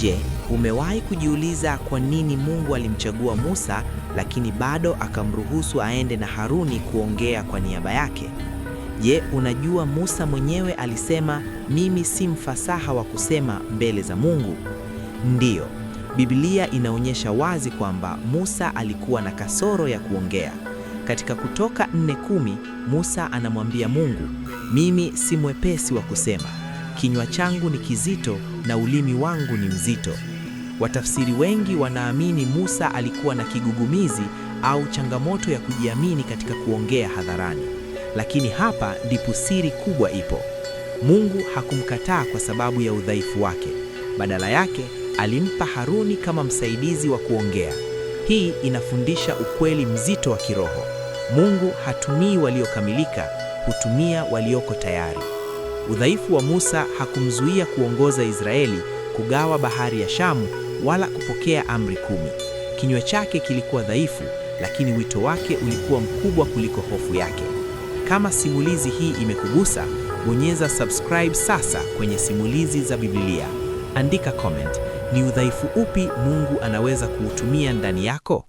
Je, umewahi kujiuliza kwa nini Mungu alimchagua Musa lakini bado akamruhusu aende na Haruni kuongea kwa niaba yake? Je, unajua Musa mwenyewe alisema, mimi si mfasaha wa kusema mbele za Mungu? Ndiyo, Biblia inaonyesha wazi kwamba Musa alikuwa na kasoro ya kuongea. Katika Kutoka 4:10, Musa anamwambia Mungu, mimi si mwepesi wa kusema kinywa changu ni kizito na ulimi wangu ni mzito. Watafsiri wengi wanaamini Musa alikuwa na kigugumizi au changamoto ya kujiamini katika kuongea hadharani, lakini hapa ndipo siri kubwa ipo. Mungu hakumkataa kwa sababu ya udhaifu wake, badala yake alimpa Haruni kama msaidizi wa kuongea. Hii inafundisha ukweli mzito wa kiroho: Mungu hatumii waliokamilika, hutumia walioko tayari. Udhaifu wa Musa hakumzuia kuongoza Israeli kugawa bahari ya Shamu wala kupokea amri kumi. Kinywa chake kilikuwa dhaifu, lakini wito wake ulikuwa mkubwa kuliko hofu yake. Kama simulizi hii imekugusa, bonyeza subscribe sasa kwenye Simulizi za Biblia. Andika comment, ni udhaifu upi Mungu anaweza kuutumia ndani yako?